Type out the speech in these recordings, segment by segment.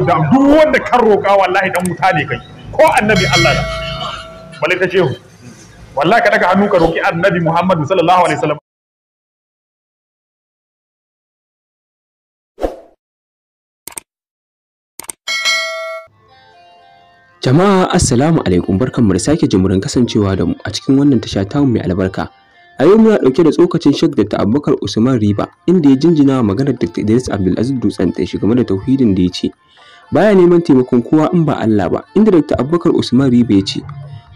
da duk wanda kan roƙa wallahi dan wuta ne kai ko annabi Allah da balle ta shehu wallahi ka daga hannu ka roƙi annabi muhammad sallallahu alaihi wasallam Jama'a assalamu alaikum mu da sake jimurin kasancewa da mu a cikin wannan tasha ta mai albarka. A yau muna ɗauke da tsokacin shek da Abubakar Usman Riba inda ya jinjina wa maganar Dr. Idris Abdulaziz Dutsen ta shi game da tauhidin da ya ce baya neman taimakon kowa in ba Allah ba inda Dr. Abubakar Usman Ribe ya ce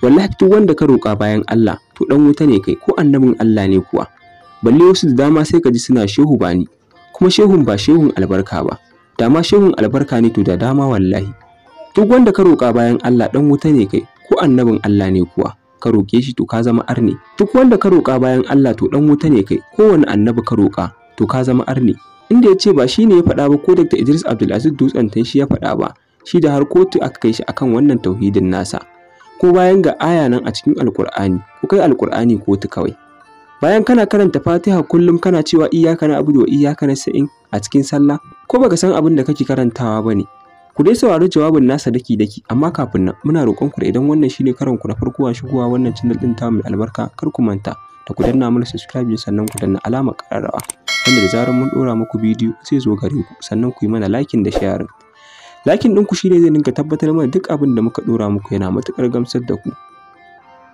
wallahi duk wanda ka roƙa bayan Allah to dan wuta ne kai ko annabin Allah ne kuwa balle wasu da dama sai ka ji suna shehu ba ni. kuma shehun ba shehun albarka ba dama shehun albarka ne to da dama wallahi duk wanda ka roƙa bayan Allah dan wuta ne kai ko annabin Allah ne kuwa ka roƙe shi to ka zama arne duk wanda ka roƙa bayan Allah to dan wuta ne kai kowane annabi ka roƙa to ka zama arne inda ya ce ba shi ne ya faɗa ba ko Dr. Idris Abdulaziz Dutsen tan shi ya faɗa ba shi da har kotu aka kai shi akan wannan tauhidin nasa ko bayan ga aya nan a cikin Alkur'ani ko kai Alkur'ani kotu kawai bayan kana karanta Fatiha kullum kana cewa iyyaka na'budu wa iyyaka nasta'in a cikin sallah ko baka san abin da kake karantawa bane ku dai saurari jawabin nasa daki daki amma kafin nan muna roƙon ku da idan wannan shine karan ku na farko a shigowa wannan channel din ta mai albarka kar ku manta da ku danna mana subscribe sannan ku danna alamar ƙararrawa wanda da zarar mun ɗora muku bidiyo sai zo gare ku sannan ku yi mana lakin da sharing. Lakin ɗinku shi ne zai dinga tabbatar mana duk abin da muka ɗora muku yana matuƙar gamsar da ku.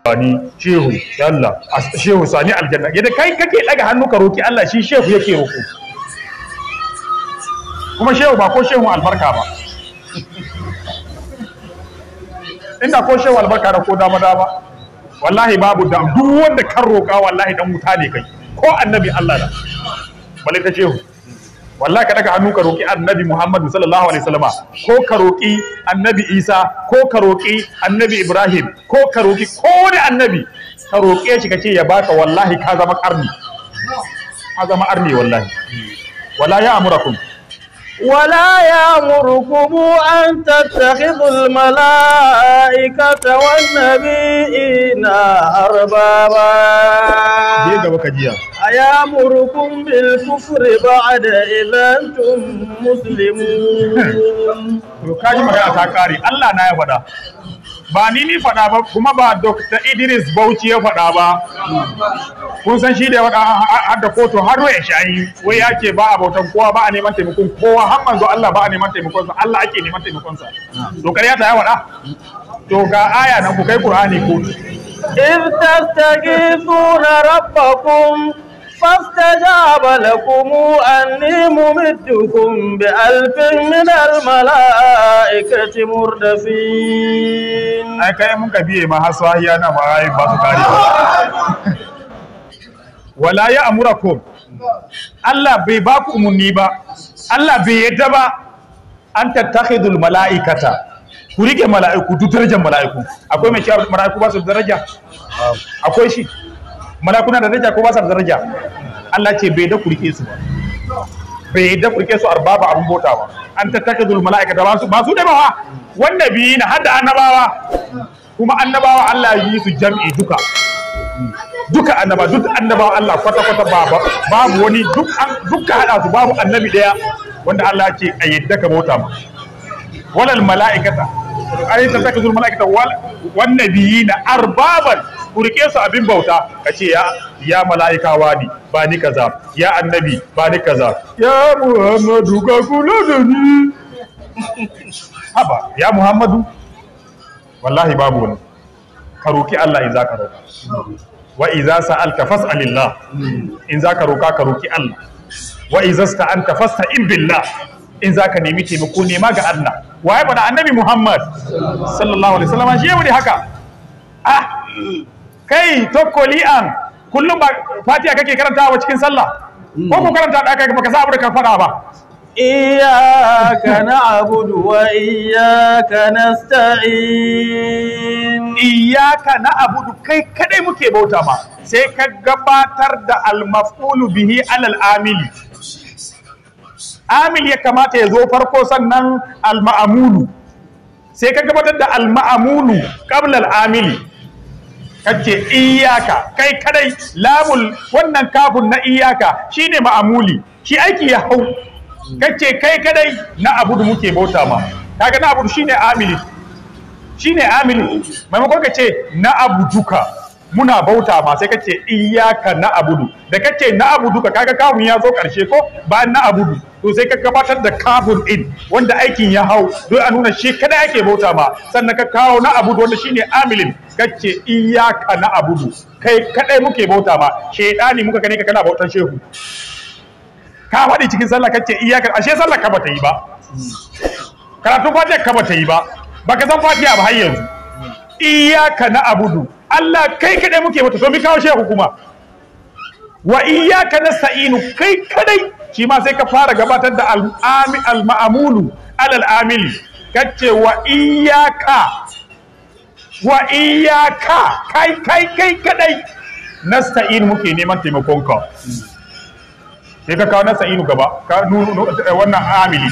Sani Shehu Allah Shehu Sani Aljanna yadda kai kake ɗaga hannu ka roki Allah shi Shehu yake roƙo kuma Shehu ba ko Shehu albarka ba ina ko Shehu albarka da ko dama dama wallahi babu da duk wanda kan roƙa wallahi dan wuta ne kai ko annabi Allah da bale ta shehu wallahi ka daga hannu ka roki annabi Muhammad sallallahu alaihi wasallama ko ka roki annabi Isa ko ka roki annabi Ibrahim ko ka roki ko annabi ka roke shi ce ya baka wallahi ka zama karni ka zama arni wallahi wala ya amurakum ولا يأمركم أن تتخذوا الملائكة والنبيين أربابا أيامركم بالكفر بعد إذا أنتم مسلمون kaji magana ta kare Allah na ya faɗa ba ni ni faɗa ba kuma ba Dr. Idris Bauchi ya faɗa ba kun san shi da ya faɗa da kotu har ya shayi wai ya ce ba a bautan kowa ba a neman taimakon kowa har manzo Allah ba a neman taimakon sa Allah ake neman taimakon sa to ya ta ya faɗa to aya nan ku kai Qur'ani kotu إذ تستغيثون ربكم فاستجاب لكم أني ممدكم بألف من الملائكة مردفين أكاي من كبيه ما حسواهي أنا معاي باسو كاري ولا يأمركم الله بيباكم منيبا الله بيدبا أن تتخذوا الملائكة ku rike mala'iku duk darajar mala'iku akwai mai shi mala'iku ba su malakuna da daraja ko ba sa da daraja Allah ce bai da kurke su ba bai da kurke su arbaba abun bota ba an tattaka malaikata mala'ika su ba su da bawa wanda biyi na hadda annabawa kuma annabawa Allah yi su jam'i duka duka annaba duk annabawa Allah kwata kwata babu babu wani duk duka hada su babu annabi daya wanda Allah ce ayyadda ka bota ma walal malaikata ai ta saka mala'ika. Wannan wal na arbaban ku rike su abin bauta kace ya ya malaika wani ba ni kaza ya annabi ba ni kaza ya muhammadu ka kula da ni haba ya muhammadu wallahi babu wani ka roki Allah in zaka roka wa idza sa'alta fas'alillah in zaka roka ka roki Allah wa idza sta'anta fasta'in billah in zaka nemi taimako nema ga Allah Wa ba da annabi muhammad sallallahu alaihi wasallam shi yabi haka ah kai tokoli an kullum ba fatiha kake karanta wa cikin sallah ko ku karanta da kai baka sabu da ka fada ba iyyaka na'budu wa iyyaka nasta'in iyyaka na'budu kai kadai muke bauta ma sai ka gabatar da al-maf'ulu bihi alal amil ya kamata ya zo farko sannan al-ma'amulu sai ka gabatar da al-ma'amulu qabla al-amili kace iyaka kai kadai lamul wannan kafin na iyaka shine ma'amuli shi aiki ya hau kace kai kadai na da muke bauta ma kaga na abudu shine amili shine amili maimakon ce na duka muna bauta ma sai kace iyyaka na'budu da kace na'budu ka kaga kafin ya zo karshe ko bayan na'budu to sai ka gabatar da kafin in wanda aikin ya hau don a nuna shi kada ake bauta ma sannan ka kawo na'budu wanda shine amilin kace iyyaka na'budu kai kadai muke bauta ma shedani muka gane ka kana bautan shehu ka fadi cikin sallah kace iyyaka ashe sallah ka bata yi ba karatun fatiha ka bata yi ba baka san fatiha ba har yanzu iyyaka na'budu Allah kai kadai muke mata to mi kawo shehu kuma wa iyyaka nasta'inu kai kadai shi ma sai ka fara gabatar da al-ami al-ma'mulu alal amili kace wa iyyaka wa iyyaka kai kai kai kadai nasta'inu muke neman taimakon ka sai ka kawo nasta'inu gaba ka eh, wannan amili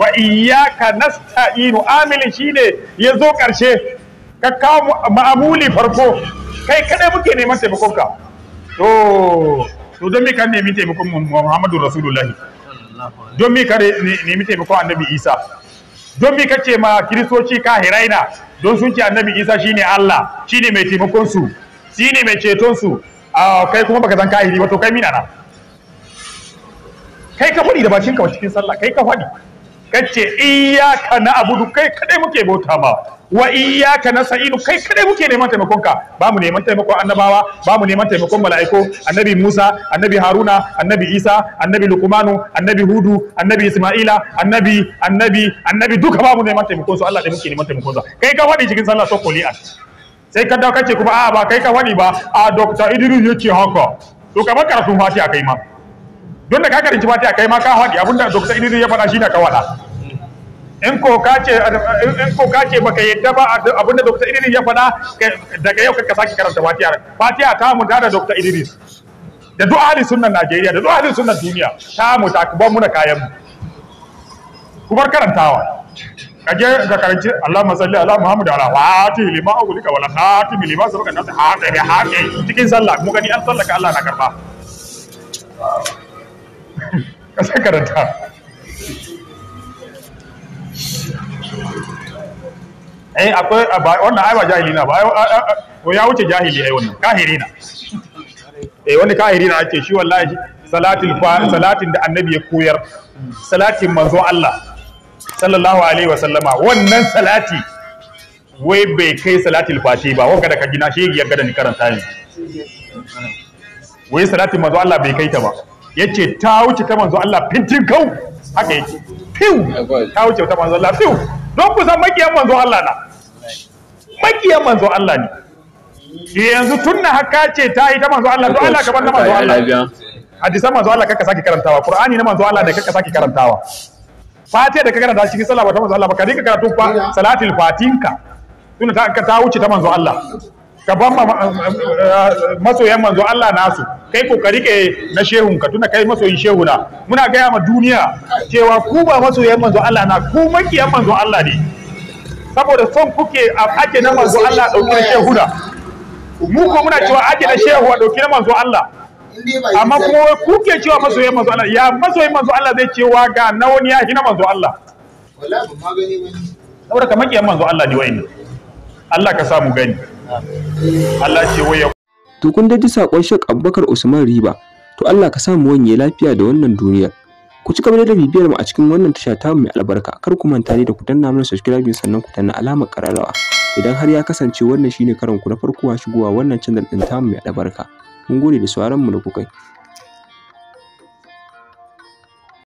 wa iyyaka nasta'inu amilin shine yazo karshe ka kawo ma'amuli farko kai kadai muke neman taimakon ka to to don me ka nemi taimakon Muhammadu Rasulullahi don me ka nemi taimakon Annabi Isa don me ce ma kiristoci ka hiraina don sun ce Annabi Isa shine Allah shine mai taimakon su shine mai ceton su kai kuma baka san kahiri ba to kai mina na kai ka faɗi da bakinka cikin sallah kai ka faɗi kace iyyaka na abudu kai kadai muke bauta ma wa iyyaka nasta'inu kai kadai muke neman taimakon ka ba mu neman taimakon annabawa ba mu neman taimakon Malaiko. annabi Musa annabi Haruna annabi Isa annabi Luqmanu annabi Hudu annabi Isma'ila annabi annabi annabi duka ba mu neman taimakon su Allah dai muke neman taimakon sa kai ka wadi cikin sallah to qul'an sai ka dawo kace kuma a'a ba kai ka wani ba a doctor Idris yake haka to kamar karatun fatiha kai ma don da ka karanci fatiha kai ma ka hadi abinda doctor Idris ya faɗa shine ka wada in ko ka ce in ko ka ce baka yadda ba abinda Dr. Idris ya faɗa daga yau ka sake karanta Fatiha Fatiha ta mu da Dr. Idris da duk ahli sunnan Najeriya da duk ahli sunnan duniya ta mu ta kuban muna kayan mu ku bar karantawa je ka karanci Allahumma salli ala Muhammad ala wati lima ulika wala khatim lima sabaka nas hada ya hake cikin sallah mu gani an sallaka Allah na karba ka sai karanta eh akwai ah, wannan ai ba jahili na ba ko ah, ah, ya wuce jahili ai wannan kahiri na eh wani kahiri na ake shi wallahi salatul salatin da annabi ya koyar salatin manzo Allah sallallahu alaihi wa sallama wannan salati wai bai kai salatul fati ba wanka da ka gina shi ya gada ni karanta ne wai salatin manzo Allah bai kai ta ba yace ta wuce ta manzo Allah fintin kau haka yake fiu ta wuce ta manzo Allah fiu don ku san makiyan manzo Allah na makiyan manzo Allah ne e, yanzu tunna haka ce ta yi ta manzo Allah to Allah gaban na manzo Allah hadisan manzo Allah kaka saki karantawa qur'ani na manzo Allah da kaka saki karantawa fatiha da kaka karanta cikin sallah ba ta manzo Allah ba ka dinka karatu fa salatul fatinka tunna ta ta wuce ta manzo Allah ka ban masoyan manzo Allah nasu kai kokari ke na shehun ka tuna kai masoyin shehuna muna gaya ma duniya cewa ku ba masoyan manzo Allah na ku makiyan manzo Allah ne saboda son kuke ake na manzo Allah dauki shehuna mu ko muna cewa ake na shehu a dauki na manzo Allah amma kuma kuke cewa masoyan manzo Allah ya masoyan manzo Allah zai cewa ga na wani ya hina manzo Allah wallahi ba ma gani bane saboda kamar kiyan manzo Allah ne wayin Allah ka samu gani Allah ce waya to kun da ji sakon Sheikh Abubakar Usman Riba to Allah ka sa mu lafiya da wannan duniyar ku ci gaba da bibiyar mu a cikin wannan tasha ta mai albarka kar ku manta da ku danna mana subscribe sannan ku danna alamar kararrawa idan har ya kasance wannan shine karan ku na farko shigowa wannan channel din ta mai albarka mun gode da sauraron mu da kuka yi